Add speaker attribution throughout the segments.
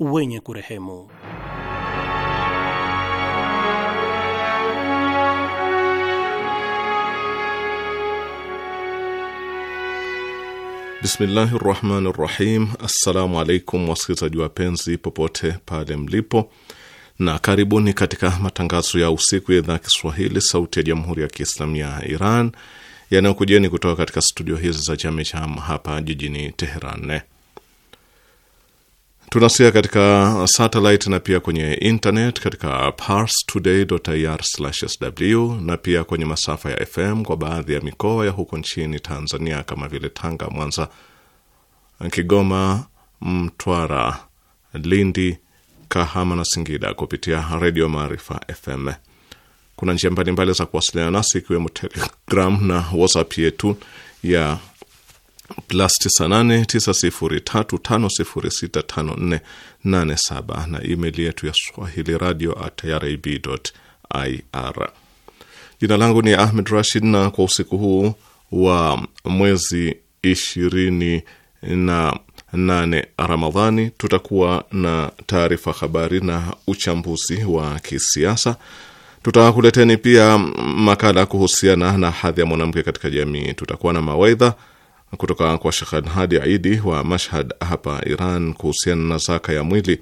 Speaker 1: wenye kurehemu.
Speaker 2: Bismillahi rahmani rahim. Assalamu alaikum wasikilizaji wapenzi popote pale mlipo, na karibuni katika matangazo ya usiku ya idhaa ya Kiswahili sauti ya jamhuri ya Kiislamu ya Iran yanayokujeni kutoka katika studio hizi za chamecham hapa jijini Teheran. Tunasikia katika satellite na pia kwenye internet katika parstoday.ir/sw na pia kwenye masafa ya FM kwa baadhi ya mikoa ya huko nchini Tanzania kama vile Tanga, Mwanza, Kigoma, Mtwara, Lindi, Kahama na Singida kupitia Redio Maarifa FM. Kuna njia mbalimbali za kuwasiliana nasi ikiwemo Telegram na WhatsApp yetu ya plus 989035065487 na email yetu ya swahili radio at irib ir. Jina langu ni Ahmed Rashid, na kwa usiku huu wa mwezi ishirini na nane Ramadhani tutakuwa na taarifa habari na uchambuzi wa kisiasa. Tutakuleteni pia makala kuhusiana na hadhi ya mwanamke katika jamii. Tutakuwa na mawaidha kutoka kwa Sheikh Hadi Aidi wa Mashhad hapa Iran kuhusiana na zaka ya mwili.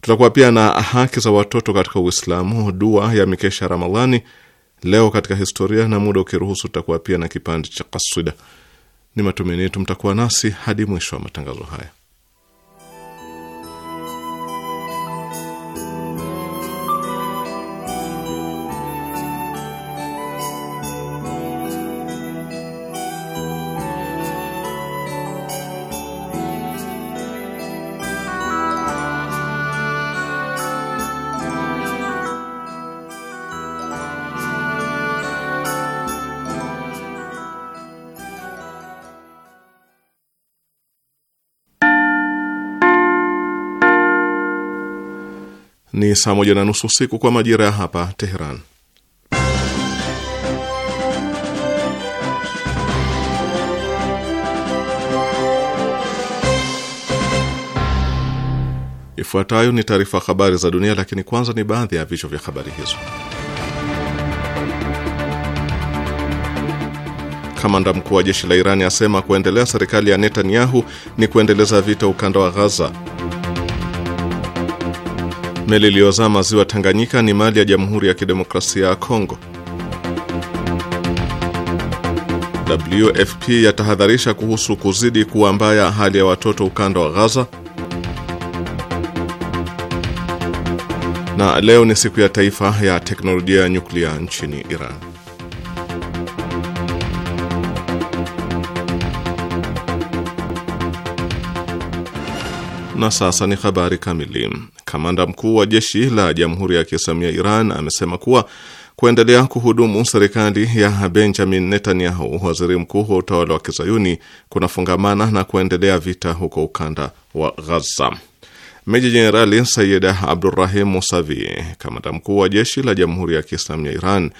Speaker 2: Tutakuwa pia na haki za watoto katika Uislamu, dua ya mikesha Ramadhani, leo katika historia, na muda ukiruhusu, tutakuwa pia na kipande cha kaswida. Ni matumaini yetu mtakuwa nasi hadi mwisho wa matangazo haya. ni saa moja na nusu usiku kwa majira ya hapa Teheran. Ifuatayo ni taarifa habari za dunia, lakini kwanza ni baadhi ya vichwa vya habari hizo. Kamanda mkuu wa jeshi la Irani asema kuendelea serikali ya Netanyahu ni kuendeleza vita ukanda wa Ghaza. Meli iliyozama ziwa Tanganyika ni mali ya Jamhuri ya Kidemokrasia ya Kongo. WFP yatahadharisha kuhusu kuzidi kuwa mbaya hali ya watoto ukanda wa Gaza. Na leo ni siku ya taifa ya teknolojia ya nyuklia nchini Iran. Na sasa ni habari kamili kamanda mkuu wa jeshi la Jamhuri ya Kiislamu ya Iran amesema kuwa kuendelea kuhudumu serikali ya Benjamin Netanyahu, waziri mkuu wa utawala wa Kizayuni, kunafungamana na kuendelea vita huko ukanda wa Ghaza. Meja Jenerali Sayid Abdurahim Musavi, kamanda mkuu wa jeshi la Jamhuri ya Kiislamu ya Iran,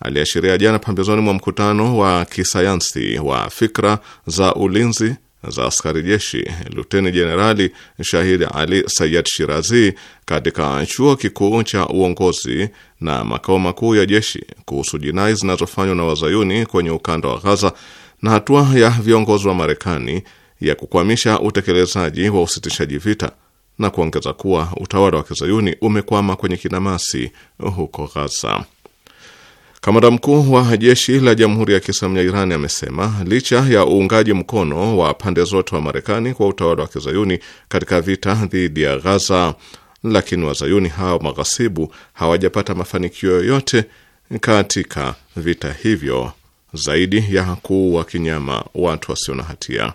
Speaker 2: aliashiria jana pambezoni mwa mkutano wa kisayansi wa fikra za ulinzi za askari jeshi Luteni Jenerali Shahid Ali Sayad Shirazi katika chuo kikuu cha uongozi na makao makuu ya jeshi kuhusu jinai zinazofanywa na wazayuni kwenye ukanda wa Ghaza na hatua ya viongozi wa Marekani ya kukwamisha utekelezaji wa usitishaji vita na kuongeza kuwa utawala wa kizayuni umekwama kwenye kinamasi huko Ghaza. Kamanda mkuu wa jeshi la Jamhuri ya Kiislamu ya Iran amesema licha ya uungaji mkono wa pande zote wa Marekani kwa utawala wa kizayuni katika vita dhidi ya Ghaza, lakini wazayuni hao maghasibu hawajapata mafanikio yoyote katika vita hivyo zaidi ya kuua kinyama watu wasio na hatia.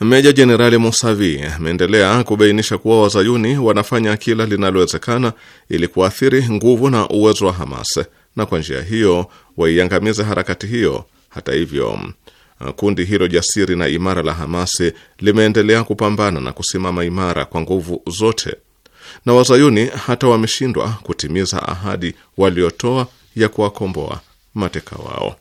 Speaker 2: Meja Jenerali Musavi ameendelea kubainisha kuwa wazayuni wanafanya kila linalowezekana ili kuathiri nguvu na uwezo wa Hamas na kwa njia hiyo waiangamiza harakati hiyo. Hata hivyo, kundi hilo jasiri na imara la Hamasi limeendelea kupambana na kusimama imara kwa nguvu zote, na wazayuni hata wameshindwa kutimiza ahadi waliotoa ya kuwakomboa mateka wao.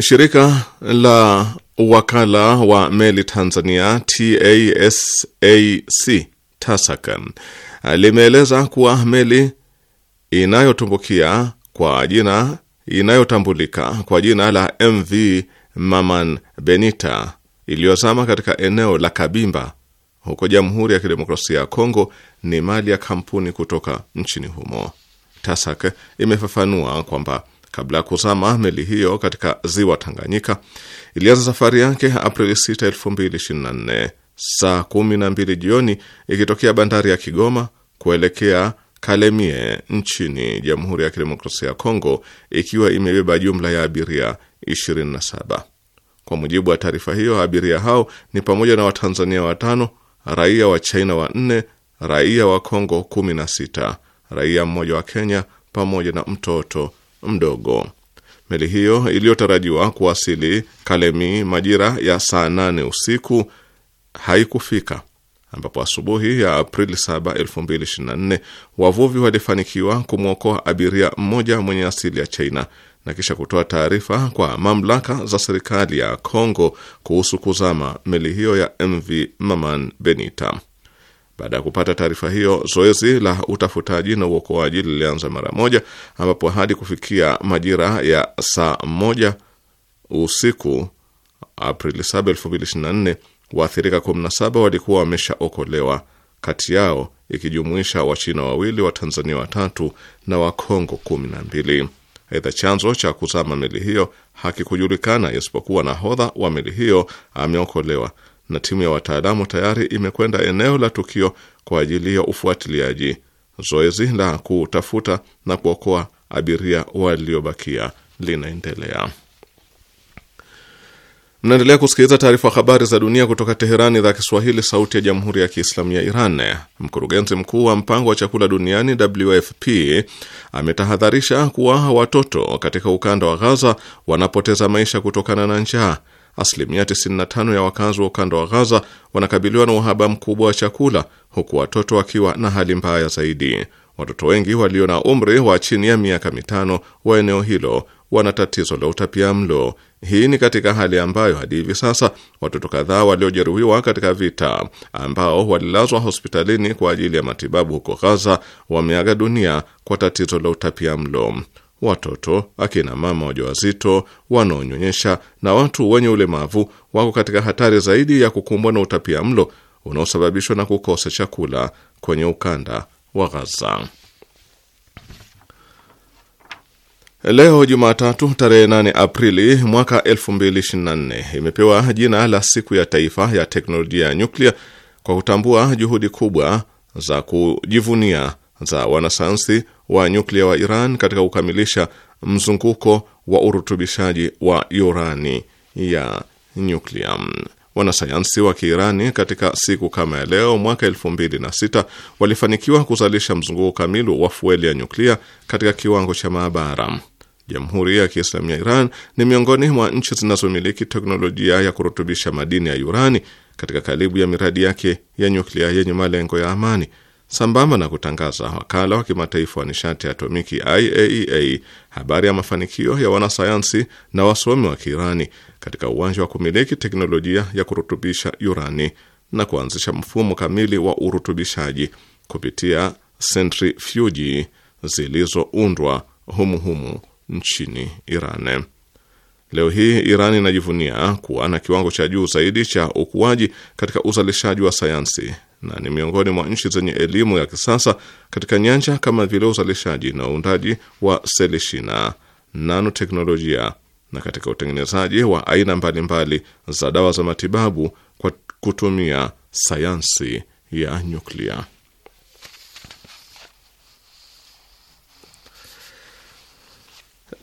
Speaker 2: Shirika la wakala wa meli Tanzania TASAC TASAC Eh, limeeleza kuwa meli inayotumbukia kwa jina inayotambulika kwa jina la MV Maman Benita iliyozama katika eneo la Kabimba huko Jamhuri ya Kidemokrasia ya Kongo ni mali ya kampuni kutoka nchini humo. TASAC imefafanua kwamba kabla ya kuzama meli hiyo katika ziwa Tanganyika ilianza safari yake Aprili 6, 2024 saa kumi na mbili jioni ikitokea bandari ya Kigoma kuelekea Kalemie nchini Jamhuri ya Kidemokrasia ya Kongo ikiwa imebeba jumla ya abiria 27. Kwa mujibu wa taarifa hiyo, abiria hao ni pamoja na Watanzania watano, raia wa China wanne, raia wa Kongo 16, raia mmoja wa Kenya pamoja na mtoto mdogo. Meli hiyo iliyotarajiwa kuwasili Kalemi majira ya saa nane usiku haikufika ambapo asubuhi ya Aprili 7, 2024 wavuvi walifanikiwa kumwokoa abiria mmoja mwenye asili ya China na kisha kutoa taarifa kwa mamlaka za serikali ya congo kuhusu kuzama meli hiyo ya MV Maman Benita. Baada ya kupata taarifa hiyo, zoezi la utafutaji na uokoaji lilianza mara moja, ambapo hadi kufikia majira ya saa moja usiku Aprili 7, 2024 Waathirika 17 walikuwa wameshaokolewa, kati yao ikijumuisha Wachina wawili, Watanzania watatu na Wakongo 12. Aidha, chanzo cha kuzama meli hiyo hakikujulikana isipokuwa nahodha wa meli hiyo ameokolewa na timu ya wataalamu tayari imekwenda eneo la tukio kwa ajili ya ufuatiliaji. Zoezi la kutafuta na kuokoa abiria waliobakia linaendelea. Mnaendelea kusikiliza taarifa habari za dunia kutoka Teherani, idhaa Kiswahili, sauti ya jamhuri ya kiislamu ya Iran. Mkurugenzi mkuu wa mpango wa chakula duniani WFP ametahadharisha kuwa watoto katika ukanda wa Ghaza wanapoteza maisha kutokana na njaa. Asilimia 95 ya wakazi wa ukanda wa Ghaza wanakabiliwa na uhaba mkubwa wa chakula, huku watoto wakiwa na hali mbaya zaidi. Watoto wengi walio na umri wa chini ya miaka mitano wa eneo hilo wana tatizo la utapia mlo. Hii ni katika hali ambayo hadi hivi sasa watoto kadhaa waliojeruhiwa katika vita ambao walilazwa hospitalini kwa ajili ya matibabu huko ghaza wameaga dunia kwa tatizo la utapia mlo. Watoto, akina mama wajawazito, wanaonyonyesha na watu wenye ulemavu wako katika hatari zaidi ya kukumbwa na utapia mlo unaosababishwa na kukosa chakula kwenye ukanda wa Ghaza. Leo Jumatatu tarehe 8 Aprili mwaka 2024 imepewa jina la siku ya taifa ya teknolojia ya nyuklia kwa kutambua juhudi kubwa za kujivunia za wanasayansi wa nyuklia wa Iran katika kukamilisha mzunguko wa urutubishaji wa urani ya nyuklia. Wanasayansi wa Kiirani katika siku kama ya leo mwaka sita walifanikiwa kuzalisha mzunguko kamili wa fueli ya nyuklia katika kiwango cha maabara. Jamhuri ya Kiislamu ya Iran ni miongoni mwa nchi zinazomiliki teknolojia ya kurutubisha madini ya urani katika karibu ya miradi yake ya nyuklia yenye malengo ya amani, sambamba na kutangaza wakala wa kimataifa wa nishati ya atomiki IAEA e habari ya mafanikio ya wanasayansi na wasomi wa Kiirani katika uwanja wa kumiliki teknolojia ya kurutubisha urani na kuanzisha mfumo kamili wa urutubishaji kupitia sentrifuji zilizoundwa humuhumu nchini Iran. Leo hii Iran inajivunia kuwa na kiwango cha juu zaidi cha ukuaji katika uzalishaji wa sayansi na ni miongoni mwa nchi zenye elimu ya kisasa katika nyanja kama vile uzalishaji na uundaji wa selishina, nanoteknolojia na katika utengenezaji wa aina mbalimbali za dawa za matibabu kwa kutumia sayansi ya nyuklia.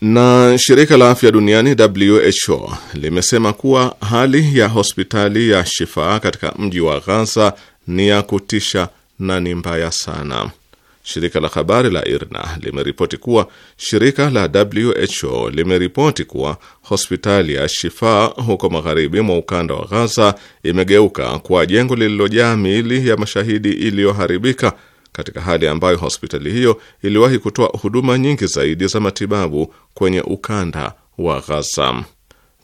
Speaker 2: Na shirika la afya duniani WHO limesema kuwa hali ya hospitali ya Shifaa katika mji wa Gaza ni ya kutisha na ni mbaya sana. Shirika la habari la IRNA limeripoti kuwa shirika la WHO limeripoti kuwa hospitali ya Shifa huko magharibi mwa ukanda wa Ghaza imegeuka kwa jengo lililojaa miili ya mashahidi iliyoharibika katika hali ambayo hospitali hiyo iliwahi kutoa huduma nyingi zaidi za matibabu kwenye ukanda wa Ghaza.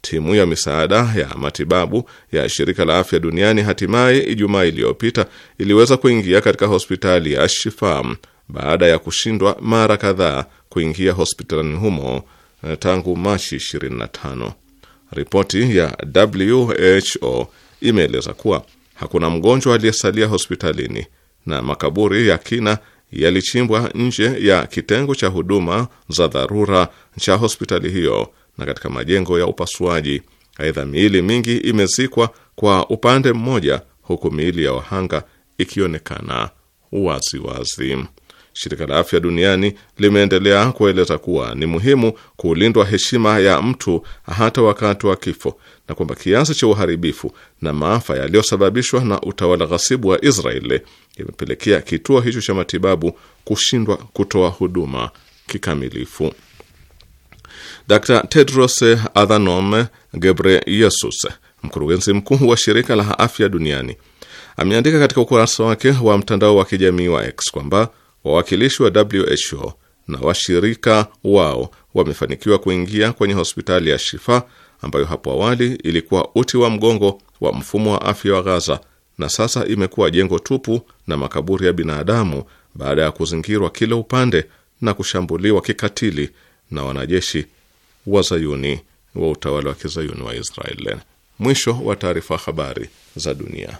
Speaker 2: Timu ya misaada ya matibabu ya shirika la afya duniani hatimaye Ijumaa iliyopita iliweza kuingia katika hospitali ya Shifa baada ya kushindwa mara kadhaa kuingia hospitalini humo eh, tangu Machi 25. Ripoti ya WHO imeeleza kuwa hakuna mgonjwa aliyesalia hospitalini na makaburi ya kina yalichimbwa nje ya kitengo cha huduma za dharura cha hospitali hiyo na katika majengo ya upasuaji. Aidha, miili mingi imezikwa kwa upande mmoja, huku miili ya wahanga ikionekana waziwazi wazi. Shirika la Afya Duniani limeendelea kueleza kuwa ni muhimu kulindwa heshima ya mtu hata wakati wa kifo na kwamba kiasi cha uharibifu na maafa yaliyosababishwa na utawala ghasibu wa Israeli imepelekea kituo hicho cha matibabu kushindwa kutoa huduma kikamilifu. Dr. Tedros Adhanom Ghebreyesus, mkurugenzi mkuu wa shirika la afya duniani, ameandika katika ukurasa wake wa mtandao wa kijamii wa X kwamba wawakilishi wa WHO na washirika wao wamefanikiwa kuingia kwenye hospitali ya Shifa ambayo hapo awali ilikuwa uti wa mgongo wa mfumo wa afya wa Gaza na sasa imekuwa jengo tupu na makaburi ya binadamu baada ya kuzingirwa kila upande na kushambuliwa kikatili na wanajeshi wa Zayuni wa utawala wa kizayuni wa Israel. Mwisho wa taarifa. Habari za dunia.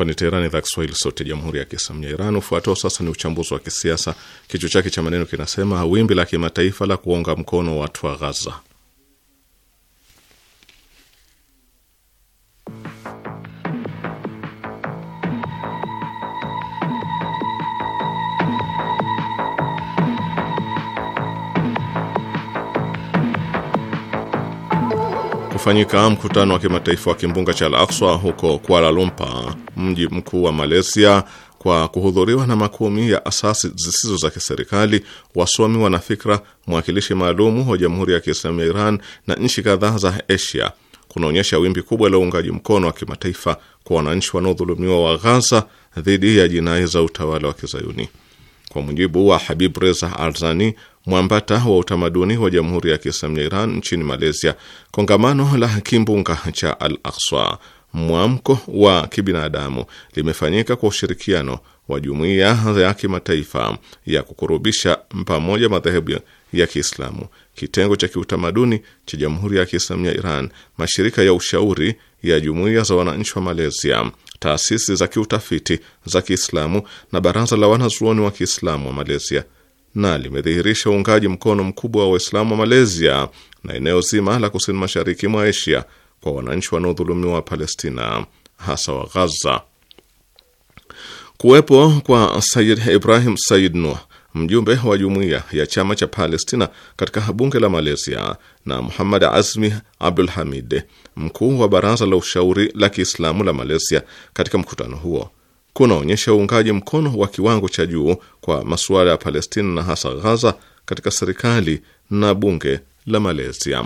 Speaker 2: Hapa ni Teherani, idhaa Kiswahili, sauti ya jamhuri ya kiislamu ya Iran. Ufuatao sasa ni uchambuzi wa kisiasa, kichwa chake cha maneno kinasema wimbi la kimataifa la kuonga mkono watu wa Ghaza. utafanyika mkutano wa kimataifa wa kimbunga cha Al-Aqsa huko Kuala Lumpur, mji mkuu wa Malaysia, kwa kuhudhuriwa na makumi ya asasi zisizo za kiserikali, wasomi, wanafikra, mwakilishi maalumu wa Jamhuri ya Kiislamu ya Iran na nchi kadhaa za Asia, kunaonyesha wimbi kubwa la uungaji mkono wa kimataifa kwa wananchi wanaodhulumiwa wa Ghaza dhidi ya jinai za utawala wa Kizayuni. Kwa mujibu wa Habib Reza Arzani, mwambata wa utamaduni wa Jamhuri ya Kiislamu ya Iran nchini Malaysia, kongamano la kimbunga cha Al Aqsa, mwamko wa kibinadamu, limefanyika kwa ushirikiano wa jumuiya ya kimataifa ya kukurubisha pamoja madhehebu ya Kiislamu, kitengo cha kiutamaduni cha Jamhuri ya Kiislamu ya Iran, mashirika ya ushauri ya jumuiya za wananchi wa Malaysia, taasisi za kiutafiti za Kiislamu na baraza la wanazuoni wa Kiislamu wa Malaysia na limedhihirisha uungaji mkono mkubwa wa Waislamu wa Malaysia na eneo zima la kusini mashariki mwa Asia kwa wananchi wanaodhulumiwa wa Palestina, hasa wa Ghaza. Kuwepo kwa Sayid Ibrahim Sayid Nuh, mjumbe wa jumuiya ya chama cha Palestina katika bunge la Malaysia, na Muhammad Azmi Abdul Hamid, mkuu wa baraza la ushauri la Kiislamu la Malaysia, katika mkutano huo kunaonyesha uungaji mkono wa kiwango cha juu kwa masuala ya Palestina na hasa Ghaza katika serikali na bunge la Malaysia.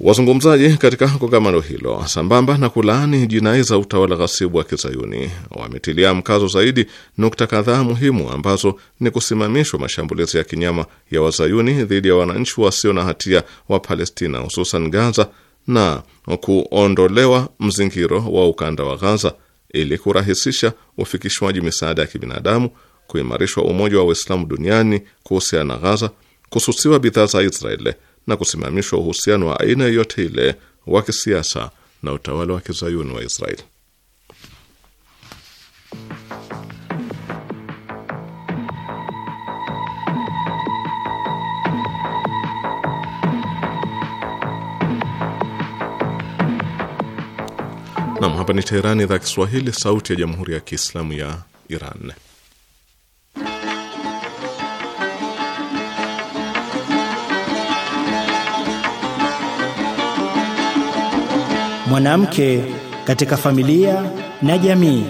Speaker 2: Wazungumzaji katika kongamano hilo, sambamba na kulaani jinai za utawala ghasibu wa Kizayuni, wametilia mkazo zaidi nukta kadhaa muhimu ambazo ni kusimamishwa mashambulizi ya kinyama ya Wazayuni dhidi ya wananchi wasio na hatia wa Palestina, hususan Gaza, na kuondolewa mzingiro wa ukanda wa Gaza ili kurahisisha ufikishwaji misaada ya kibinadamu, kuimarishwa umoja wa Waislamu duniani kuhusiana na Ghaza, kususiwa bidhaa za Israeli na kusimamishwa uhusiano wa aina yoyote ile wa kisiasa na utawala wa kizayuni wa Israeli. Hapa ni Teherani, idhaa Kiswahili, sauti ya jamhuri ya kiislamu ya Iran.
Speaker 3: Mwanamke katika familia na jamii.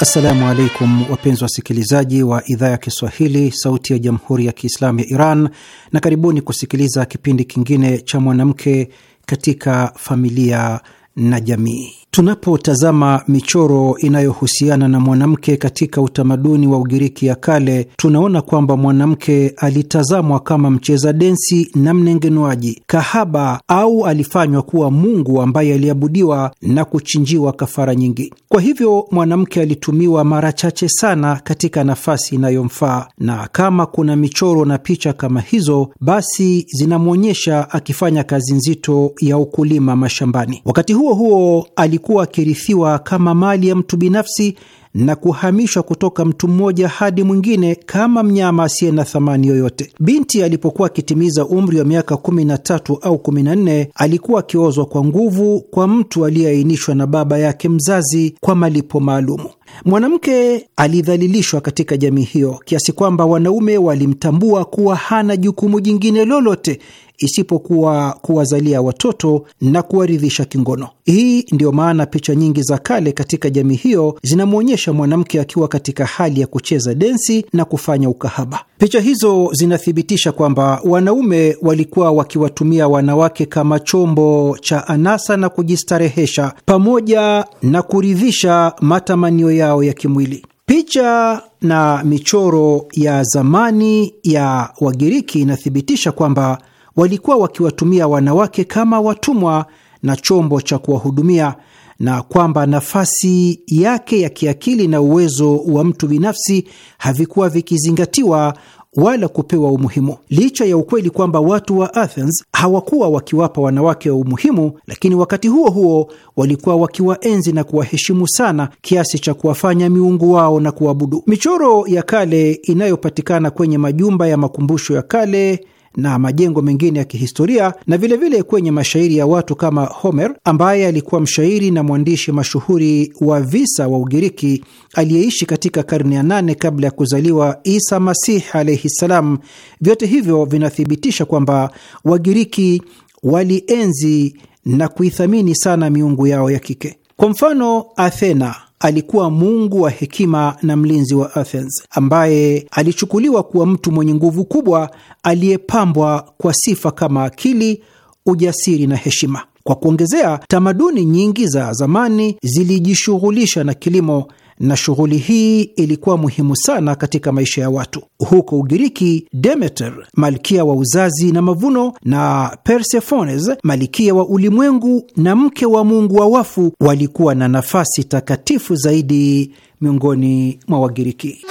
Speaker 3: Assalamu alaikum wapenzi wasikilizaji wa idhaa ya Kiswahili sauti ya jamhuri ya kiislamu ya Iran, na karibuni kusikiliza kipindi kingine cha mwanamke katika familia na jamii. Tunapotazama michoro inayohusiana na mwanamke katika utamaduni wa Ugiriki ya kale, tunaona kwamba mwanamke alitazamwa kama mcheza densi na mnengenuaji, kahaba, au alifanywa kuwa mungu ambaye aliabudiwa na kuchinjiwa kafara nyingi. Kwa hivyo mwanamke alitumiwa mara chache sana katika nafasi inayomfaa, na kama kuna michoro na picha kama hizo, basi zinamwonyesha akifanya kazi nzito ya ukulima mashambani. Wakati huo huo, ali alikuwa akirithiwa kama mali ya mtu binafsi na kuhamishwa kutoka mtu mmoja hadi mwingine kama mnyama asiye na thamani yoyote. Binti alipokuwa akitimiza umri wa miaka kumi na tatu au kumi na nne alikuwa akiozwa kwa nguvu kwa mtu aliyeainishwa na baba yake mzazi kwa malipo maalumu. Mwanamke alidhalilishwa katika jamii hiyo kiasi kwamba wanaume walimtambua kuwa hana jukumu jingine lolote isipokuwa kuwazalia watoto na kuwaridhisha kingono. Hii ndiyo maana picha nyingi za kale katika jamii hiyo zinamwonyesha mwanamke akiwa katika hali ya kucheza densi na kufanya ukahaba. Picha hizo zinathibitisha kwamba wanaume walikuwa wakiwatumia wanawake kama chombo cha anasa na kujistarehesha pamoja na kuridhisha matamanio yao ya kimwili. Picha na michoro ya zamani ya Wagiriki inathibitisha kwamba walikuwa wakiwatumia wanawake kama watumwa na chombo cha kuwahudumia na kwamba nafasi yake ya kiakili na uwezo wa mtu binafsi havikuwa vikizingatiwa wala kupewa umuhimu, licha ya ukweli kwamba watu wa Athens hawakuwa wakiwapa wanawake wa umuhimu, lakini wakati huo huo walikuwa wakiwaenzi na kuwaheshimu sana kiasi cha kuwafanya miungu wao na kuabudu. Michoro ya kale inayopatikana kwenye majumba ya makumbusho ya kale na majengo mengine ya kihistoria na vilevile vile kwenye mashairi ya watu kama Homer ambaye alikuwa mshairi na mwandishi mashuhuri wa visa wa Ugiriki aliyeishi katika karne ya nane kabla ya kuzaliwa Isa Masih alaihi ssalam. Vyote hivyo vinathibitisha kwamba Wagiriki walienzi na kuithamini sana miungu yao ya kike. Kwa mfano, Athena alikuwa mungu wa hekima na mlinzi wa Athens, ambaye alichukuliwa kuwa mtu mwenye nguvu kubwa aliyepambwa kwa sifa kama akili, ujasiri na heshima. Kwa kuongezea, tamaduni nyingi za zamani zilijishughulisha na kilimo na shughuli hii ilikuwa muhimu sana katika maisha ya watu. Huko Ugiriki, Demeter, malkia wa uzazi na mavuno, na Persefones, malkia wa ulimwengu na mke wa mungu wa wafu, walikuwa na nafasi takatifu zaidi miongoni mwa Wagiriki.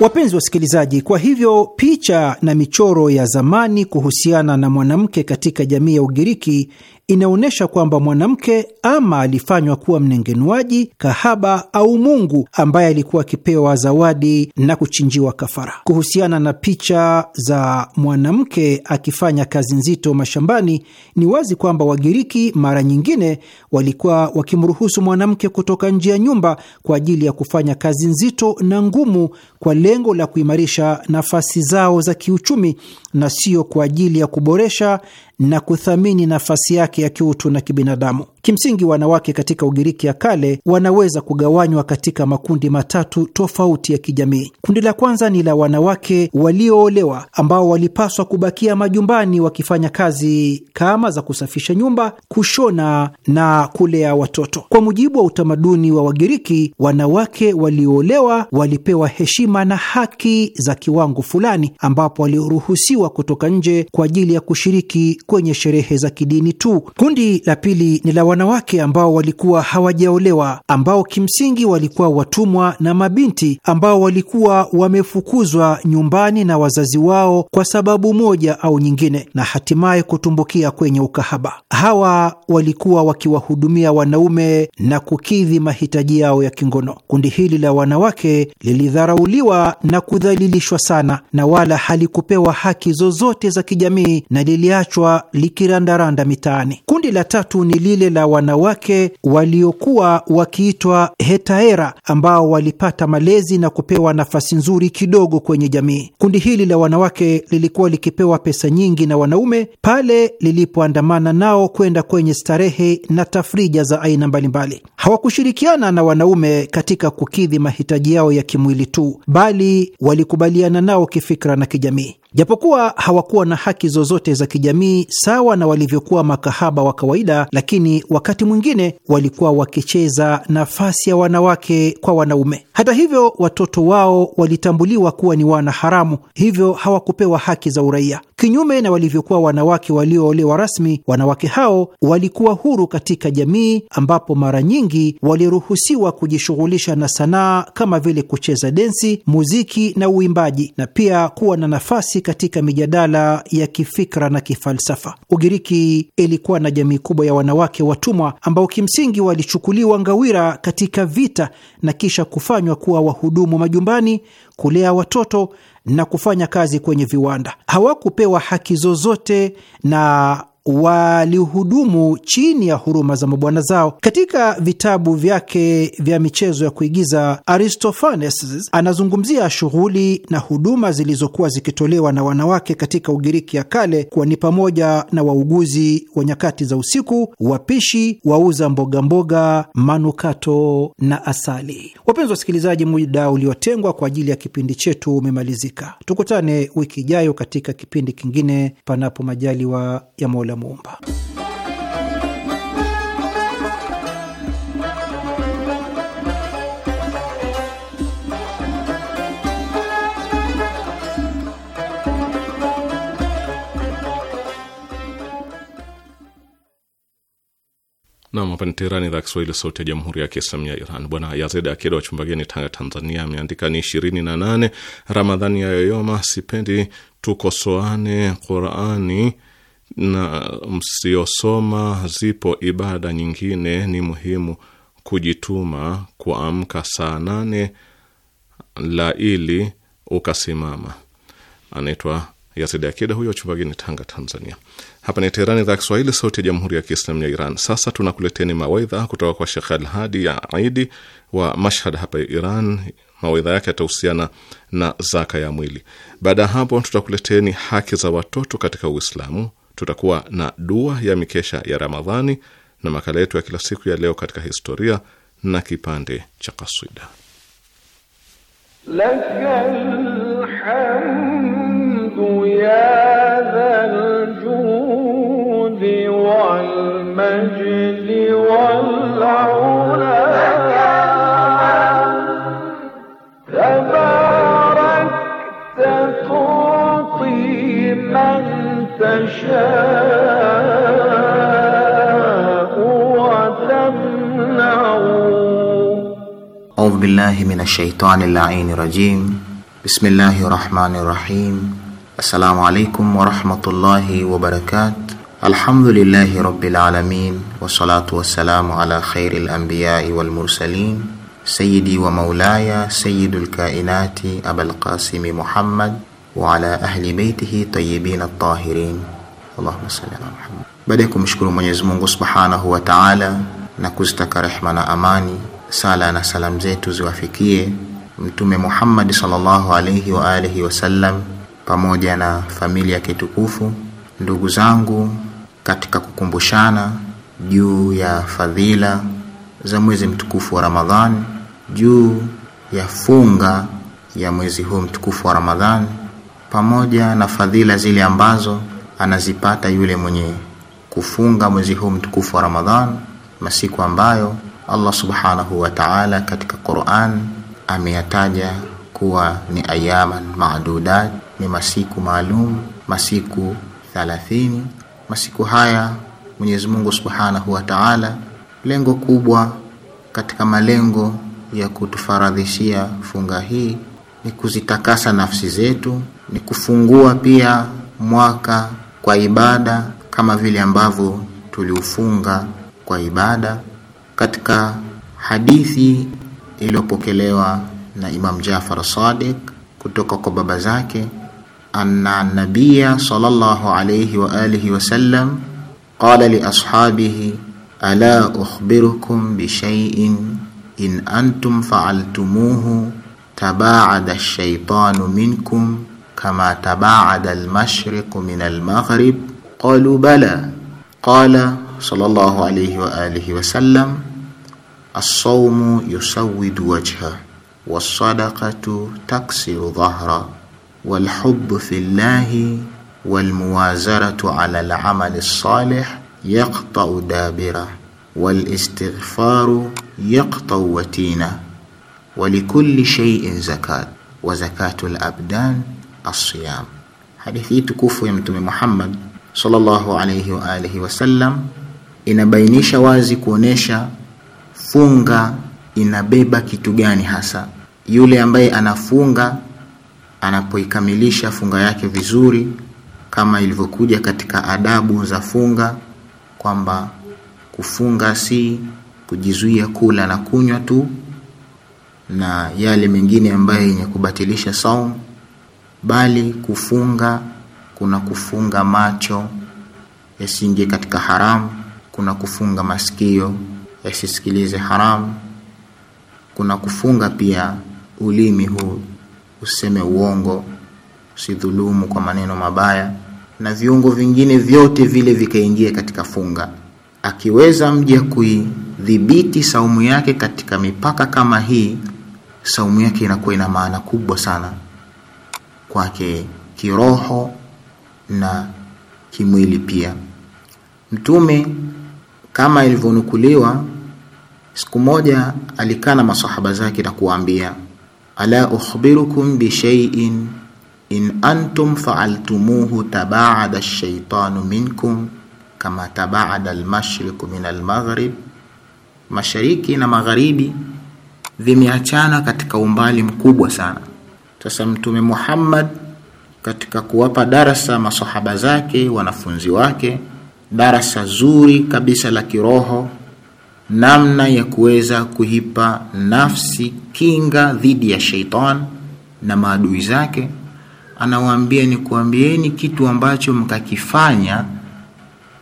Speaker 3: Wapenzi wasikilizaji, kwa hivyo picha na michoro ya zamani kuhusiana na mwanamke katika jamii ya Ugiriki inaonyesha kwamba mwanamke ama alifanywa kuwa mnengenuaji, kahaba au mungu ambaye alikuwa akipewa zawadi na kuchinjiwa kafara. Kuhusiana na picha za mwanamke akifanya kazi nzito mashambani, ni wazi kwamba Wagiriki mara nyingine walikuwa wakimruhusu mwanamke kutoka nje ya nyumba kwa ajili ya kufanya kazi nzito na ngumu kwa lengo la kuimarisha nafasi zao za kiuchumi na sio kwa ajili ya kuboresha na kuthamini nafasi yake ya kiutu na kibinadamu. Kimsingi, wanawake katika Ugiriki ya kale wanaweza kugawanywa katika makundi matatu tofauti ya kijamii. Kundi la kwanza ni la wanawake walioolewa ambao walipaswa kubakia majumbani wakifanya kazi kama za kusafisha nyumba, kushona na kulea watoto. Kwa mujibu wa utamaduni wa Wagiriki, wanawake walioolewa walipewa heshima na haki za kiwango fulani, ambapo waliruhusiwa kutoka nje kwa ajili ya kushiriki kwenye sherehe za kidini tu. Kundi la pili ni la wanawake ambao walikuwa hawajaolewa, ambao kimsingi walikuwa watumwa na mabinti ambao walikuwa wamefukuzwa nyumbani na wazazi wao kwa sababu moja au nyingine, na hatimaye kutumbukia kwenye ukahaba. Hawa walikuwa wakiwahudumia wanaume na kukidhi mahitaji yao ya kingono. Kundi hili la wanawake lilidharauliwa na kudhalilishwa sana na wala halikupewa haki zozote za kijamii na liliachwa likirandaranda mitaani. Kundi la tatu ni lile la wanawake waliokuwa wakiitwa hetaera, ambao walipata malezi na kupewa nafasi nzuri kidogo kwenye jamii. Kundi hili la wanawake lilikuwa likipewa pesa nyingi na wanaume pale lilipoandamana nao kwenda kwenye starehe na tafrija za aina mbalimbali. Hawakushirikiana na wanaume katika kukidhi mahitaji yao ya kimwili tu, bali walikubaliana nao kifikra na kijamii. Japokuwa hawakuwa na haki zozote za kijamii sawa na walivyokuwa makahaba wa kawaida, lakini wakati mwingine walikuwa wakicheza nafasi ya wanawake kwa wanaume. Hata hivyo, watoto wao walitambuliwa kuwa ni wana haramu, hivyo hawakupewa haki za uraia. Kinyume na walivyokuwa wanawake walioolewa rasmi, wanawake hao walikuwa huru katika jamii, ambapo mara nyingi waliruhusiwa kujishughulisha na sanaa kama vile kucheza densi, muziki na uimbaji, na pia kuwa na nafasi katika mijadala ya kifikra na kifalsafa. Ugiriki ilikuwa na jamii kubwa ya wanawake watumwa ambao kimsingi walichukuliwa ngawira katika vita na kisha kufanywa kuwa wahudumu majumbani, kulea watoto na kufanya kazi kwenye viwanda. Hawakupewa haki zozote na walihudumu chini ya huruma za mabwana zao. Katika vitabu vyake vya michezo ya kuigiza, Aristophanes anazungumzia shughuli na huduma zilizokuwa zikitolewa na wanawake katika Ugiriki ya kale, kuwa ni pamoja na wauguzi wa nyakati za usiku, wapishi, wauza mbogamboga, manukato na asali. Wapenzi wasikilizaji, muda uliotengwa kwa ajili ya kipindi chetu umemalizika. Tukutane wiki ijayo katika kipindi kingine, panapo majaliwa ya Mola. Muumba.
Speaker 2: Nam, hapa ni Teherani, idhaa Kiswahili, sauti ya jamhuri ya kiislamu ya Iran. Bwana Yazid Akida wa Chumbageni, Tanga, Tanzania, ameandika ni ishirini na nane Ramadhani ya yoyoma, sipendi tukosoane Qurani na msiosoma, zipo ibada nyingine. Ni muhimu kujituma kuamka saa nane ili ukasimama. Anaitwa Yazidi Akida huyo Chumbageni, Tanga, Tanzania. Hapa ni Teherani, idhaa ya Kiswahili, sauti ya jamhuri ya kiislamu ya Iran. Sasa tunakuleteni mawaidha kutoka kwa Shekh Alhadi ya Aidi wa Mashhad hapa Iran. Mawaidha yake yatahusiana na zaka ya mwili. Baada ya hapo, tutakuleteni haki za watoto katika Uislamu, Tutakuwa na dua ya mikesha ya Ramadhani na makala yetu ya kila siku ya leo katika historia na kipande cha kaswida.
Speaker 4: أعوذ
Speaker 5: بالله من الشيطان اللعين الرجيم بسم الله الرحمن الرحيم السلام عليكم ورحمة الله وبركاته الحمد لله رب العالمين والصلاة والسلام على خير الأنبياء والمرسلين سيدي ومولاي سيد الكائنات أبا القاسم محمد وعلى ahli baitihi tayyibin at-tahirin Allahumma salli ala Muhammad baada ya kumshukuru Mwenyezi Mungu Subhanahu wa Ta'ala na kuzitaka rehma na amani sala na salam zetu ziwafikie Mtume Muhammad sallallahu alayhi wa alihi wasallam pamoja na familia yake tukufu ndugu zangu katika kukumbushana juu ya fadhila za mwezi mtukufu wa Ramadhani juu ya funga ya mwezi huu mtukufu wa Ramadhani pamoja na fadhila zile ambazo anazipata yule mwenye kufunga mwezi huu mtukufu wa Ramadhan, masiku ambayo Allah subhanahu wa ta'ala katika Qur'an ameyataja kuwa ni ayaman maadudat, ni masiku maalum, masiku 30. Masiku haya Mwenyezi Mungu subhanahu wa ta'ala, lengo kubwa katika malengo ya kutufaradhishia funga hii ni kuzitakasa nafsi zetu ni kufungua pia mwaka kwa ibada kama vile ambavyo tuliufunga kwa ibada katika hadithi iliyopokelewa na Imam Jafar Sadiq kutoka kwa baba zake anna nabia sallallahu alayhi wa alihi sallam qala li ashabihi ala ukhbirukum bi shay'in in antum fa'altumuhu tabaada ash-shaytanu minkum كما تباعد المشرق من المغرب قالوا بلى قال صلى الله عليه واله وسلم الصوم يسود وجهه والصدقه تكسر ظهره والحب في الله والموازره على العمل الصالح يقطع دابره والاستغفار يقطع وتينه ولكل شيء زكاه وزكاه الابدان as-siyam hadithi tukufu ya mtume Muhammad sallallahu alayhi wa alihi wasallam inabainisha wazi kuonesha funga inabeba kitu gani hasa yule ambaye anafunga anapoikamilisha funga yake vizuri kama ilivyokuja katika adabu za funga kwamba kufunga si kujizuia kula na kunywa tu na yale mengine ambayo yenye kubatilisha saum bali kufunga kuna kufunga macho yasiingie katika haramu, kuna kufunga masikio yasisikilize haramu, kuna kufunga pia ulimi huu useme uongo, usidhulumu kwa maneno mabaya, na viungo vingine vyote vile vikaingia katika funga. Akiweza mja kuidhibiti saumu yake katika mipaka kama hii, saumu yake inakuwa ina maana kubwa sana kwake kiroho na kimwili pia mtume kama ilivyonukuliwa siku moja alikaa na masahaba zake na kuwaambia ala ukhbirukum shay'in in antum faaltumuhu tabaada lshaitanu minkum kama tabaada almashriqu min almaghrib mashariki na magharibi vimeachana katika umbali mkubwa sana sasa Mtume Muhammad katika kuwapa darasa masohaba zake, wanafunzi wake, darasa zuri kabisa la kiroho, namna ya kuweza kuipa nafsi kinga dhidi ya sheitan na maadui zake, anawaambia ni kuambieni kitu ambacho mkakifanya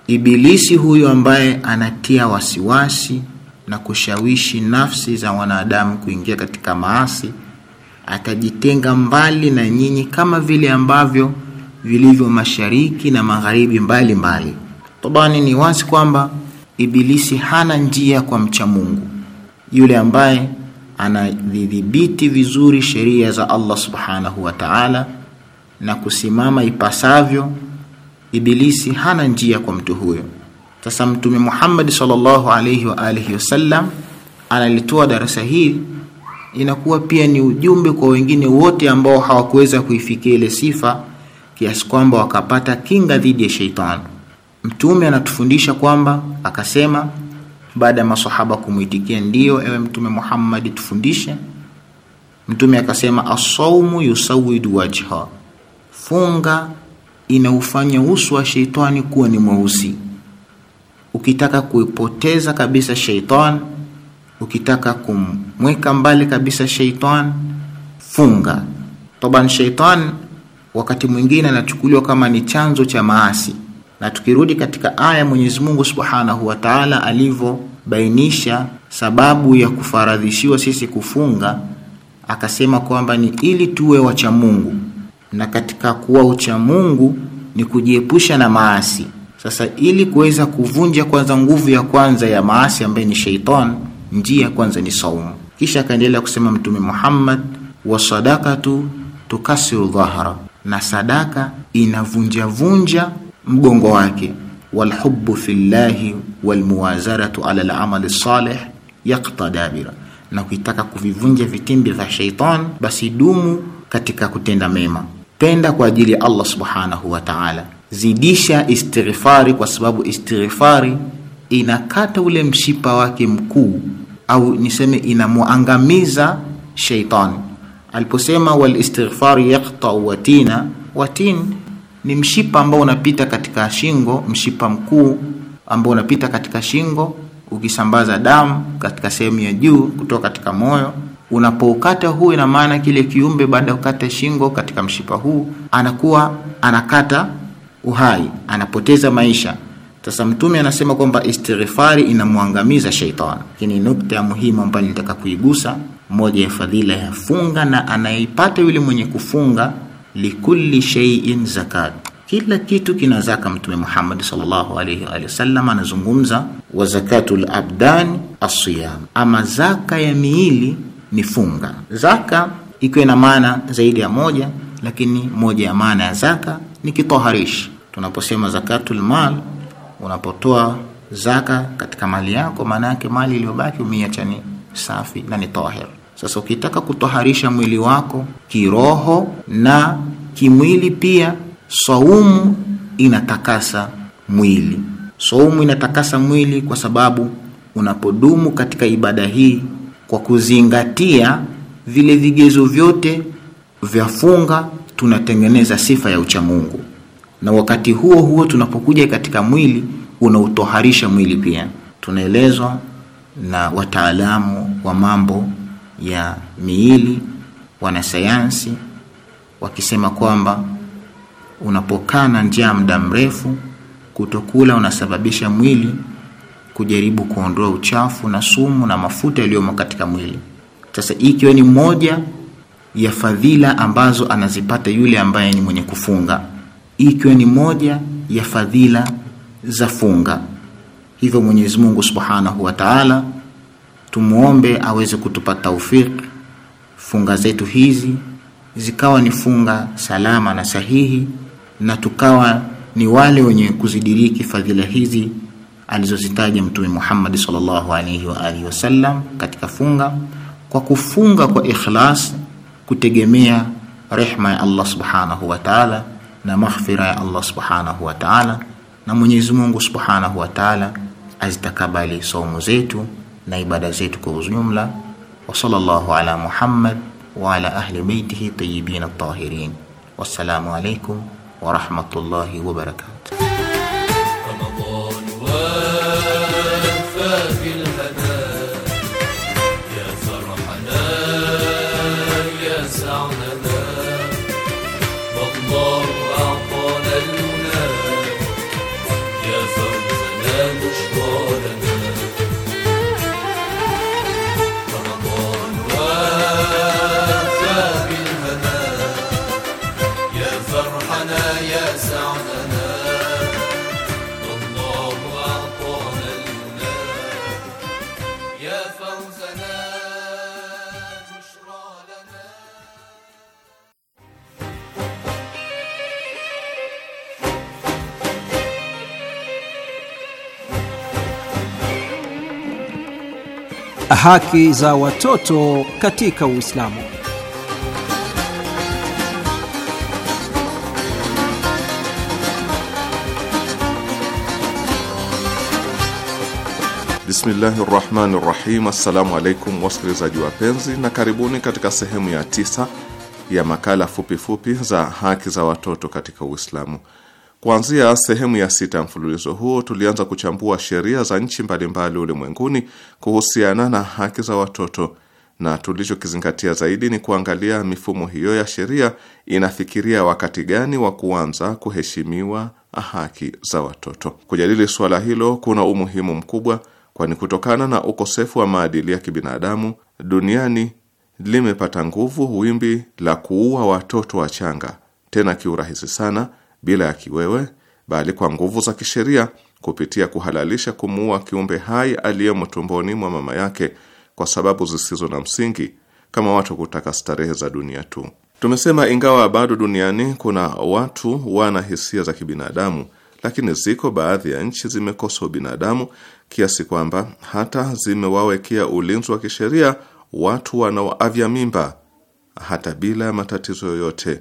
Speaker 5: Ibilisi huyo ambaye anatia wasiwasi na kushawishi nafsi za wanadamu kuingia katika maasi atajitenga mbali na nyinyi kama vile ambavyo vilivyo mashariki na magharibi mbali mbali ni wazi kwamba ibilisi hana njia kwa mcha Mungu yule ambaye anadhibiti vizuri sheria za Allah subhanahu wa ta'ala na kusimama ipasavyo ibilisi hana njia kwa mtu huyo sasa mtume Muhammad sallallahu alayhi wa alihi wasallam analitoa darasa hili inakuwa pia ni ujumbe kwa wengine wote ambao hawakuweza kuifikia ile sifa kiasi kwamba wakapata kinga dhidi ya sheitani mtume anatufundisha kwamba akasema baada ya masahaba kumwitikia ndiyo ewe mtume Muhammad tufundishe mtume akasema asaumu yusawidu wajha funga inaufanya uso wa sheitani kuwa ni mweusi ukitaka kuipoteza kabisa sheitani ukitaka kumweka mbali kabisa sheitan funga toban sheitan wakati mwingine anachukuliwa kama ni chanzo cha maasi na tukirudi katika aya Mwenyezi Mungu Subhanahu wa Ta'ala alivyobainisha sababu ya kufaradhishiwa sisi kufunga akasema kwamba ni ili tuwe wacha Mungu na katika kuwa ucha Mungu ni kujiepusha na maasi sasa ili kuweza kuvunja kwanza nguvu ya kwanza ya maasi ambaye ni sheitani Njia ya kwanza ni saumu. Kisha akaendelea kusema Mtume Muhammad, wa sadakatu tukasiru dhahra, na sadaka inavunjavunja mgongo wake. Walhubbu fillahi walmuwazaratu ala lamali salih yakta dabira, na kuitaka kuvivunja vitimbi vya shaitan, basi dumu katika kutenda mema. Penda kwa ajili ya Allah subhanahu wa ta'ala, zidisha istighfari, kwa sababu istighfari inakata ule mshipa wake mkuu au niseme inamwangamiza sheitani aliposema wal istighfar yaqta watina watin ni mshipa ambao unapita katika shingo mshipa mkuu ambao unapita katika shingo ukisambaza damu katika sehemu ya juu kutoka katika moyo unapoukata huu ina maana kile kiumbe baada ya kukata shingo katika mshipa huu anakuwa anakata uhai anapoteza maisha sasa mtume anasema kwamba istighfari inamwangamiza sheitani, lakini nukta ya muhimu ambayo nitaka kuigusa, moja ya fadhila ya funga na anayeipata yule mwenye kufunga, likulli shay'in zakat, kila kitu kina zaka. Mtume Muhammad sallallahu alayhi wa sallam anazungumza wa zakatul abdan asiyam, ama zaka ya miili ni funga. Zaka ikiwa na maana zaidi ya moja, lakini moja ya maana ya zaka ni kitoharishi. Tunaposema zakatul mal unapotoa zaka katika mali yako maana yake mali iliyobaki umiacha ni safi na ni tahir sasa ukitaka kutoharisha mwili wako kiroho na kimwili pia saumu inatakasa mwili saumu inatakasa mwili kwa sababu unapodumu katika ibada hii kwa kuzingatia vile vigezo vyote vya funga tunatengeneza sifa ya uchamungu na wakati huo huo tunapokuja katika mwili unautoharisha mwili pia. Tunaelezwa na wataalamu wa mambo ya miili, wanasayansi wakisema kwamba unapokaa na njia muda mrefu, kutokula unasababisha mwili kujaribu kuondoa uchafu na sumu na mafuta yaliyomo katika mwili. Sasa hii ikiwa ni moja ya fadhila ambazo anazipata yule ambaye ni mwenye kufunga ikiwa ni moja ya fadhila za funga hivyo mwenyezi mungu subhanahu wa taala tumwombe aweze kutupa taufik funga zetu hizi zikawa ni funga salama na sahihi na tukawa ni wale wenye kuzidiriki fadhila hizi alizozitaja mtume Muhammad sallallahu alaihi wa alihi wasallam katika funga kwa kufunga kwa ikhlas kutegemea rehma ya Allah subhanahu wa ta'ala na maghfira ya Allah subhanahu wa ta'ala na Mwenyezi Mungu subhanahu wa ta'ala azitakabali saumu zetu na ibada zetu kwa ujumla wa sallallahu ala Muhammad wa ala ahli baitihi tayyibin at-tahirin wassalamu alaykum wa rahmatullahi wa barakatuh
Speaker 3: Haki za watoto katika Uislamu.
Speaker 2: Bismillahi rahmani rahim. Assalamu alaikum wasikilizaji wapenzi, na karibuni katika sehemu ya tisa ya makala fupifupi fupi za haki za watoto katika Uislamu. Kuanzia sehemu ya sita mfululizo huo tulianza kuchambua sheria za nchi mbalimbali ulimwenguni kuhusiana na haki za watoto, na tulichokizingatia zaidi ni kuangalia mifumo hiyo ya sheria inafikiria wakati gani wa kuanza kuheshimiwa haki za watoto. Kujadili suala hilo kuna umuhimu mkubwa, kwani kutokana na ukosefu wa maadili ya kibinadamu duniani limepata nguvu wimbi la kuua watoto wachanga, tena kiurahisi sana bila ya kiwewe, bali kwa nguvu za kisheria kupitia kuhalalisha kumuua kiumbe hai aliyemo tumboni mwa mama yake kwa sababu zisizo na msingi kama watu kutaka starehe za dunia tu. Tumesema ingawa bado duniani kuna watu wana hisia za kibinadamu, lakini ziko baadhi ya nchi zimekosa ubinadamu kiasi kwamba hata zimewawekea ulinzi wa kisheria watu wanaoavya mimba hata bila matatizo yoyote,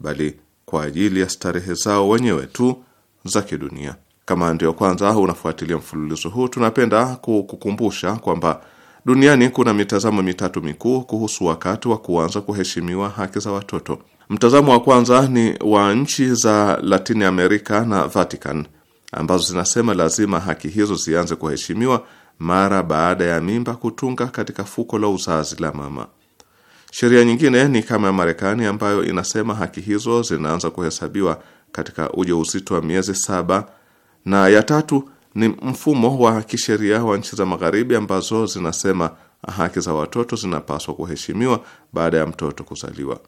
Speaker 2: bali kwa ajili ya starehe zao wenyewe tu za kidunia. Kama ndio kwanza unafuatilia mfululizo huu, tunapenda kukukumbusha kwamba duniani kuna mitazamo mitatu mikuu kuhusu wakati wa kuanza kuheshimiwa haki za watoto. Mtazamo wa kwanza ni wa nchi za Latini america na Vatican ambazo zinasema lazima haki hizo zianze kuheshimiwa mara baada ya mimba kutunga katika fuko la uzazi la mama. Sheria nyingine ni kama ya Marekani ambayo inasema haki hizo zinaanza kuhesabiwa katika ujauzito wa miezi saba, na ya tatu ni mfumo wa kisheria wa nchi za Magharibi ambazo zinasema haki za watoto zinapaswa kuheshimiwa baada ya mtoto kuzaliwa.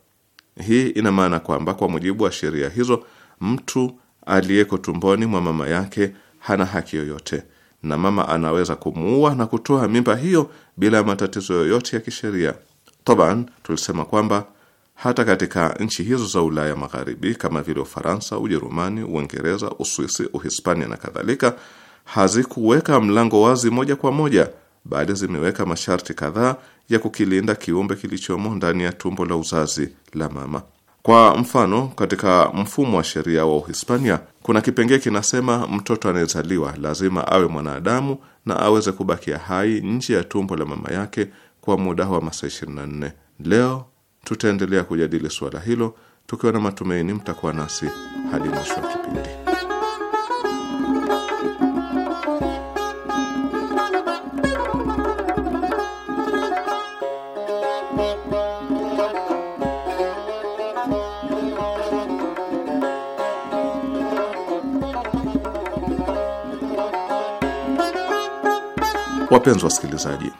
Speaker 2: Hii ina maana kwamba kwa mujibu wa sheria hizo, mtu aliyeko tumboni mwa mama yake hana haki yoyote, na mama anaweza kumuua na kutoa mimba hiyo bila matatizo yoyote ya kisheria. Toban tulisema kwamba hata katika nchi hizo za Ulaya Magharibi kama vile Ufaransa, Ujerumani, Uingereza, Uswisi, Uhispania na kadhalika hazikuweka mlango wazi moja kwa moja, bali zimeweka masharti kadhaa ya kukilinda kiumbe kilichomo ndani ya tumbo la uzazi la mama. Kwa mfano, katika mfumo wa sheria wa Uhispania kuna kipengee kinasema mtoto anayezaliwa lazima awe mwanadamu na aweze kubakia hai nje ya tumbo la mama yake kwa muda wa masaa 24. Leo tutaendelea kujadili suala hilo tukiwa na matumaini mtakuwa nasi hadi mwisho wa kipindi. Wapenzi wasikilizaji,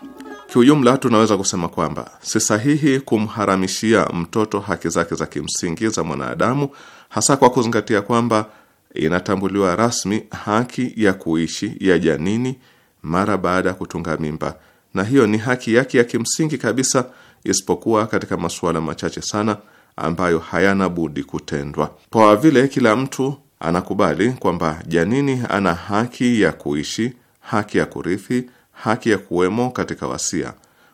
Speaker 2: Kiujumla, tunaweza kusema kwamba si sahihi kumharamishia mtoto haki zake za kimsingi za mwanadamu, hasa kwa kuzingatia kwamba inatambuliwa rasmi haki ya kuishi ya janini mara baada ya kutunga mimba, na hiyo ni haki yake ya kimsingi kabisa, isipokuwa katika masuala machache sana ambayo hayana budi kutendwa, kwa vile kila mtu anakubali kwamba janini ana haki ya kuishi, haki ya kurithi haki ya kuwemo katika wasia,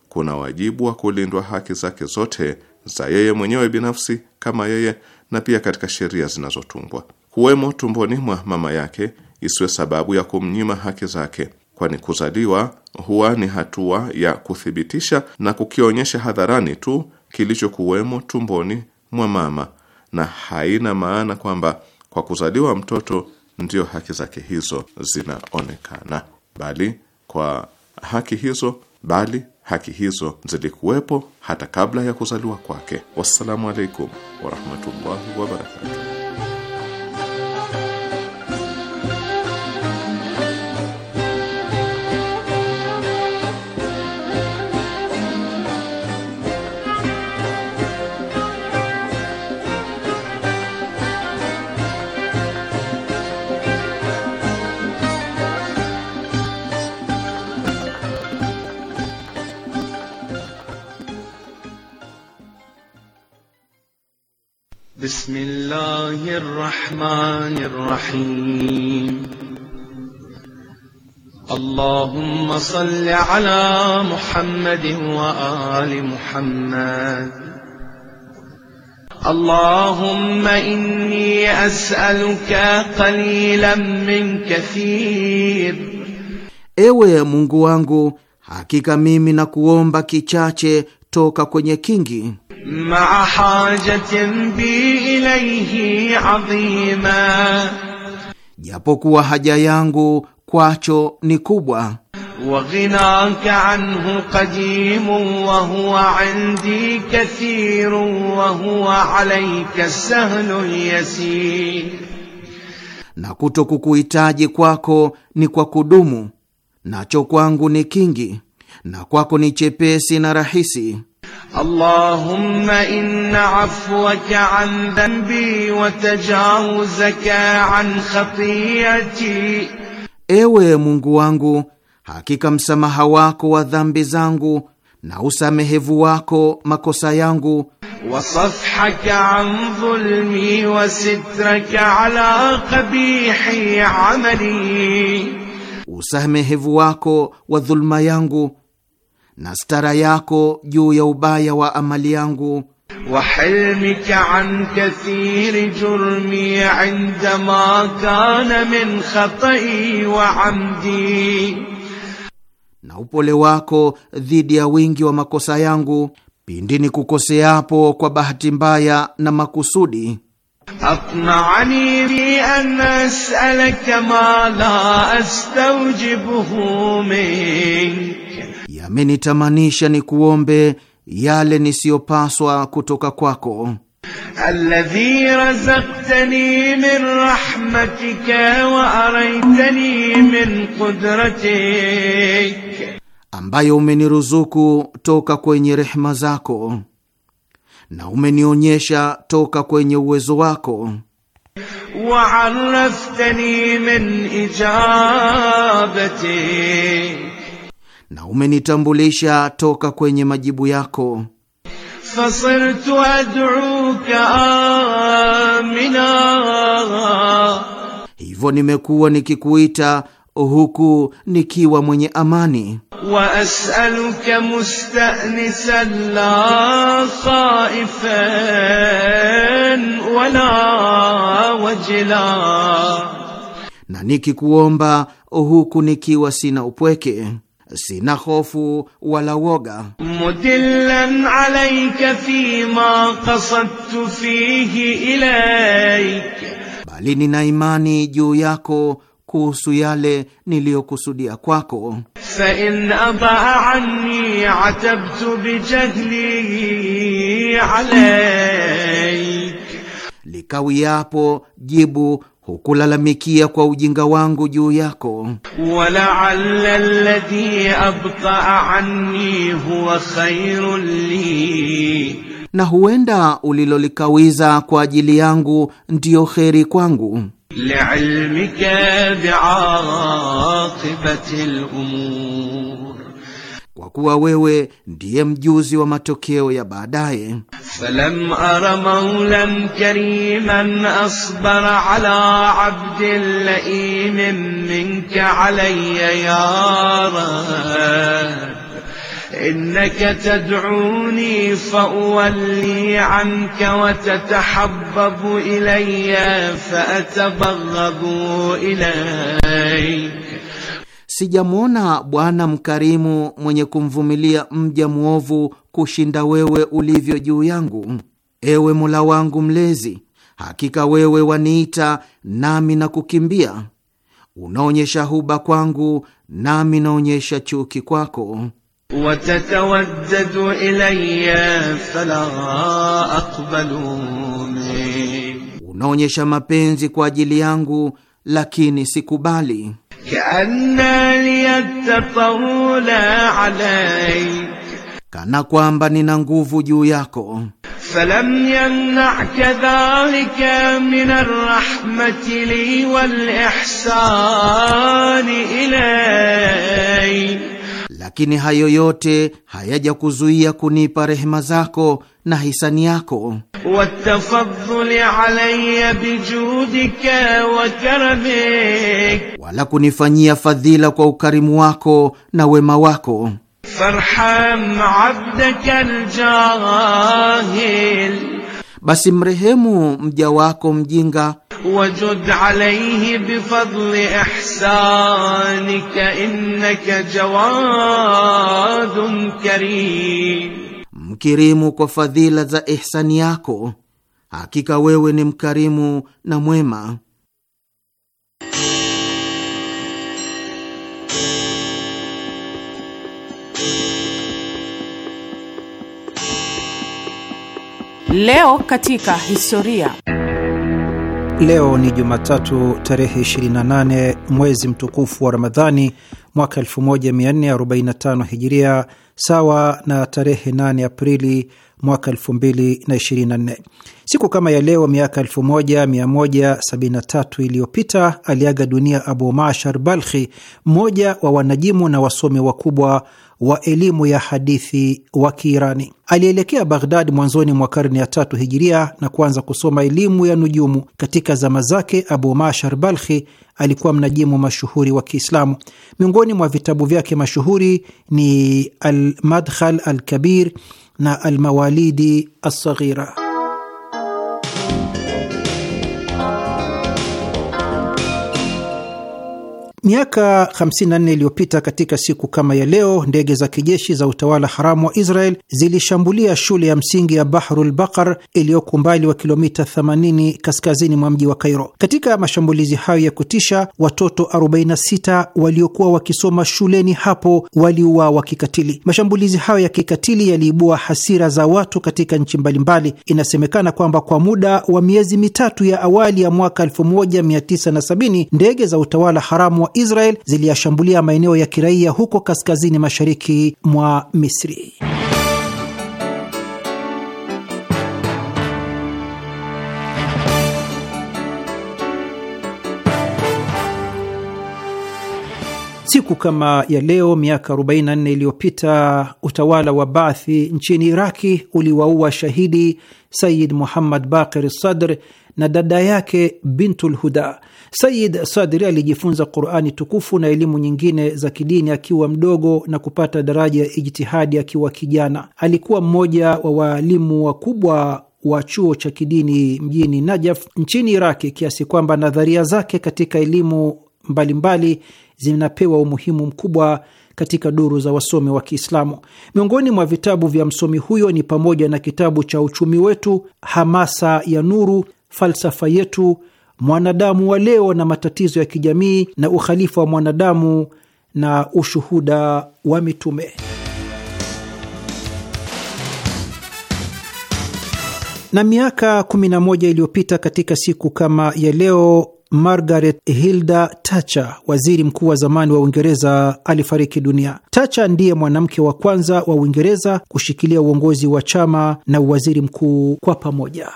Speaker 2: kuna wajibu wa kulindwa haki zake zote za yeye mwenyewe binafsi kama yeye na pia katika sheria zinazotungwa. Kuwemo tumboni mwa mama yake isiwe sababu ya kumnyima haki zake, kwani kuzaliwa huwa ni hatua ya kuthibitisha na kukionyesha hadharani tu kilichokuwemo tumboni mwa mama, na haina maana kwamba kwa kuzaliwa mtoto ndiyo haki zake hizo zinaonekana, bali kwa haki hizo, bali haki hizo zilikuwepo hata kabla ya kuzaliwa kwake. Wassalamu alaikum warahmatullahi wabarakatuh.
Speaker 6: الرحيم اللهم صل على محمد وآل محمد اللهم إني أسألك قليلا
Speaker 7: من كثير Ewe Mungu wangu, hakika mimi na kuomba kichache toka kwenye kingi.
Speaker 6: maa hajatin bi ilayhi adhima
Speaker 7: japokuwa haja yangu kwacho ni kubwa.
Speaker 6: waghinaka anhu qadimu wa huwa indi kathiru wa huwa alayka yasir,
Speaker 7: na kuto kukuhitaji kwako ni kwa kudumu, nacho kwangu ni kingi, na kwako ni chepesi na rahisi.
Speaker 6: اللهم إن عفوك عن ذنبي وتجاوزك
Speaker 7: عن خطيئتي Ewe Mungu wangu, hakika msamaha wako wa dhambi zangu na usamehevu wako makosa yangu,
Speaker 6: wasafhaka an dhulmi wa ala qabihi
Speaker 7: amali, usamehevu wako wa dhulma yangu na stara yako juu ya ubaya wa amali yangu
Speaker 6: wa hilmika an kathir jurmi
Speaker 7: indama kana min khatai wa amdi, na upole wako dhidi ya wingi wa makosa yangu pindi ni kukoseapo kwa bahati mbaya na makusudi. Atma'ani
Speaker 6: bi an as'alaka ma la astawjibuhu
Speaker 7: min yamenitamanisha ni kuombe yale nisiyopaswa kutoka kwako.
Speaker 6: Alladhi razaktani min rahmatika wa araitani min qudratik,
Speaker 7: ambayo umeniruzuku toka kwenye rehma zako na umenionyesha toka kwenye uwezo wako.
Speaker 6: Wa araftani min ijabatik
Speaker 7: na umenitambulisha toka kwenye majibu yako. fasirtu aduka amina, hivyo nimekuwa nikikuita huku nikiwa mwenye amani.
Speaker 6: wa asaluka mustanisan la khaifan wala wajla,
Speaker 7: na nikikuomba huku nikiwa sina upweke sina hofu wala woga.
Speaker 6: mudillan alayka
Speaker 7: fi ma qasadtu fihi ilayk, bali nina imani juu yako kuhusu yale niliyokusudia kwako.
Speaker 6: fa in ataa anni atabtu bijahli alayk,
Speaker 7: likawiapo jibu hukulalamikia kwa ujinga wangu juu yako.
Speaker 6: walaala
Speaker 7: alladhi abtaa anni huwa khairun li, na huenda ulilolikawiza kwa ajili yangu ndiyo kheri kwangu.
Speaker 6: liilmika
Speaker 7: biaqibati lumur kwa kuwa wewe ndiye mjuzi wa matokeo ya baadaye.
Speaker 6: falam ara maulan kariman asbara ala abdin laimin minka alaya ya rab إنك تدعوني فأولي عنك وتتحبب إلي
Speaker 7: فأتبغض إليك sijamwona Bwana mkarimu mwenye kumvumilia mja mwovu kushinda wewe ulivyo juu yangu. Ewe Mola wangu Mlezi, hakika wewe waniita nami na kukimbia, unaonyesha huba kwangu nami naonyesha chuki kwako.
Speaker 6: watatawajjadu ilayya fala aqbalu min,
Speaker 7: unaonyesha mapenzi kwa ajili yangu, lakini sikubali kana kwamba nina nguvu juu yako.
Speaker 6: falam yamnaka dhalika min arrahmati li wal ihsani
Speaker 7: ilay lakini hayo yote hayajakuzuia kunipa rehema zako na hisani yako wala kunifanyia fadhila kwa ukarimu wako na wema wako.
Speaker 6: Farham abdaka
Speaker 7: basi mrehemu mja wako mjinga
Speaker 6: وجد عليه بفضل إحسانك إنك
Speaker 7: جواد كريم mkirimu kwa fadhila za ihsani yako, hakika wewe ni mkarimu na mwema.
Speaker 4: Leo katika historia
Speaker 3: Leo ni Jumatatu tarehe 28 mwezi mtukufu wa Ramadhani mwaka 1445 Hijiria, sawa na tarehe 8 Aprili mwaka 2024. Siku kama ya leo miaka 1173 iliyopita aliaga dunia Abu Mashar Balkhi, mmoja wa wanajimu na wasomi wakubwa wa elimu ya hadithi wa Kiirani. Alielekea Baghdad mwanzoni mwa karne ya tatu hijiria na kuanza kusoma elimu ya nujumu. Katika zama zake, Abu Mashar Balkhi alikuwa mnajimu mashuhuri wa Kiislamu. Miongoni mwa vitabu vyake mashuhuri ni Almadkhal Alkabir na Almawalidi Alsaghira. Miaka 54 iliyopita katika siku kama ya leo, ndege za kijeshi za utawala haramu wa Israel zilishambulia shule ya msingi ya Bahrul Bakar iliyoko umbali wa kilomita 80 kaskazini mwa mji wa Kairo. Katika mashambulizi hayo ya kutisha, watoto 46 waliokuwa wakisoma shuleni hapo waliuawa kikatili. Mashambulizi hayo ya kikatili yaliibua hasira za watu katika nchi mbalimbali. Inasemekana kwamba kwa muda wa miezi mitatu ya awali ya mwaka 1970 ndege za utawala haramu wa Israel ziliyashambulia maeneo ya kiraia huko kaskazini mashariki mwa Misri. Siku kama ya leo miaka 44 iliyopita utawala wa Baathi nchini Iraki uliwaua shahidi Sayid Muhammad Baqir Sadr na dada yake Bintul Huda. Sayid Sadri alijifunza Qurani tukufu na elimu nyingine za kidini akiwa mdogo na kupata daraja ya ijtihadi akiwa kijana. Alikuwa mmoja wa waalimu wakubwa wa chuo cha kidini mjini Najaf nchini Iraki, kiasi kwamba nadharia zake katika elimu mbalimbali zinapewa umuhimu mkubwa katika duru za wasomi wa Kiislamu. Miongoni mwa vitabu vya msomi huyo ni pamoja na kitabu cha Uchumi Wetu, Hamasa ya Nuru, Falsafa Yetu, Mwanadamu wa Leo na Matatizo ya Kijamii, na Ukhalifa wa Mwanadamu na Ushuhuda wa Mitume. Na miaka 11 iliyopita katika siku kama ya leo Margaret Hilda Thatcher, waziri mkuu wa zamani wa Uingereza, alifariki dunia. Thatcher ndiye mwanamke wa kwanza wa Uingereza kushikilia uongozi wa chama na uwaziri mkuu kwa pamoja.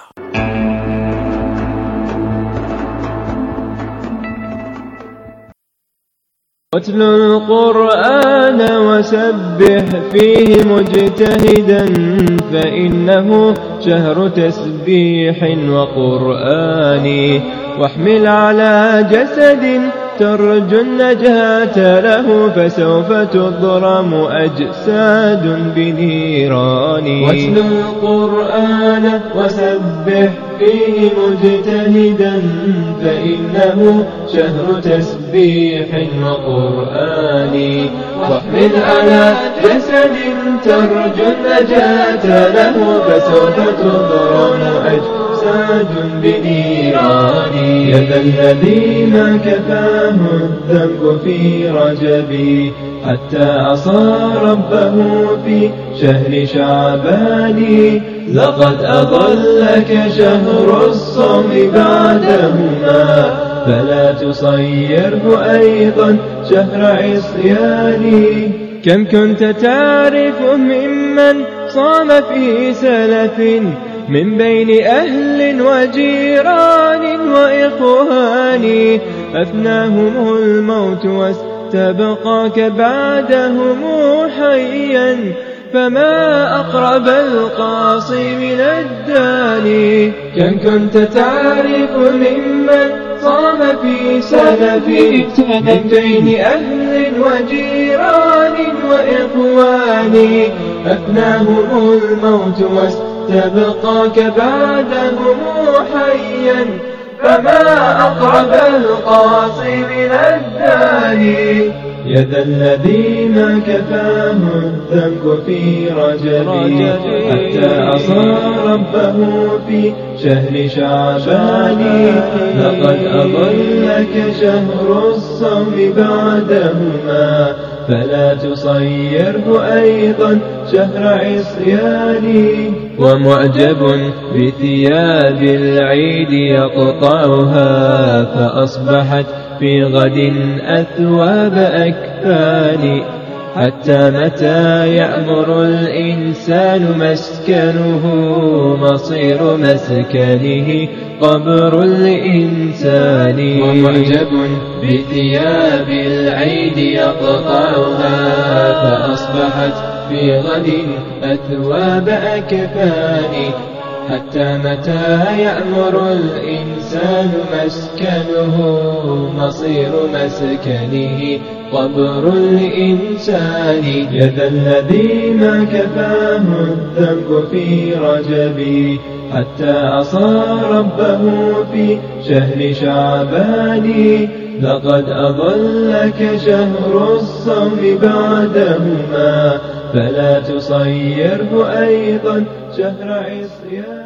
Speaker 3: واتل القرآن
Speaker 8: وسبح فيه مجتهدا فإنه شهر تسبيح وقرآن واحمل على جسد ترجو النجاة له فسوف تضرم أجساد بنيران واتلو القرآن وسبح فيه مجتهدا فإنه شهر تسبيح وقرآن واحمل على جسد ترجو النجاة له فسوف تضرم أجساد محمد بنيراني يد الذين كفاه الذنب في رجبي حتى عصى ربه في شهر شعبان لقد أضلك شهر الصوم بعدهما فلا تصيره أيضا شهر عصيان كم كنت تعرف ممن صام في سلف من بين أهل وجيران وإخوان أفناهم الموت واستبقاك بعدهم حيا فما أقرب القاصي من الداني كم كنت تعرف ممن صام في سلفي من بين أهل وجيران وإخوان أفناهم الموت واستبقاك تبقى بعد حيا فما أقرب القاصي من الداهي يد الذين كفاه الذنب في رجبي حتى عصى ربه في شهر شعبان لقد أضلك شهر الصوم بعدهما فلا تصيره أيضا شهر عصياني ومعجب بثياب العيد يقطعها فأصبحت في غد أثواب أكفاني حتى متى يأمر الإنسان مسكنه مصير مسكنه قبر الإنسان ومعجب بثياب العيد يقطعها فأصبحت في غد أثواب أكفاني حتى متى يأمر الإنسان مسكنه مصير مسكنه قبر الإنسان يا ذا الذي ما كفاه الذنب في رجبي حتى عصى ربه في شهر شعبان لقد أضلك شهر الصوم بعدهما فلا تصيره أيضا شهر عصيان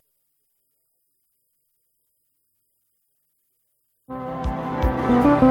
Speaker 9: Thank you.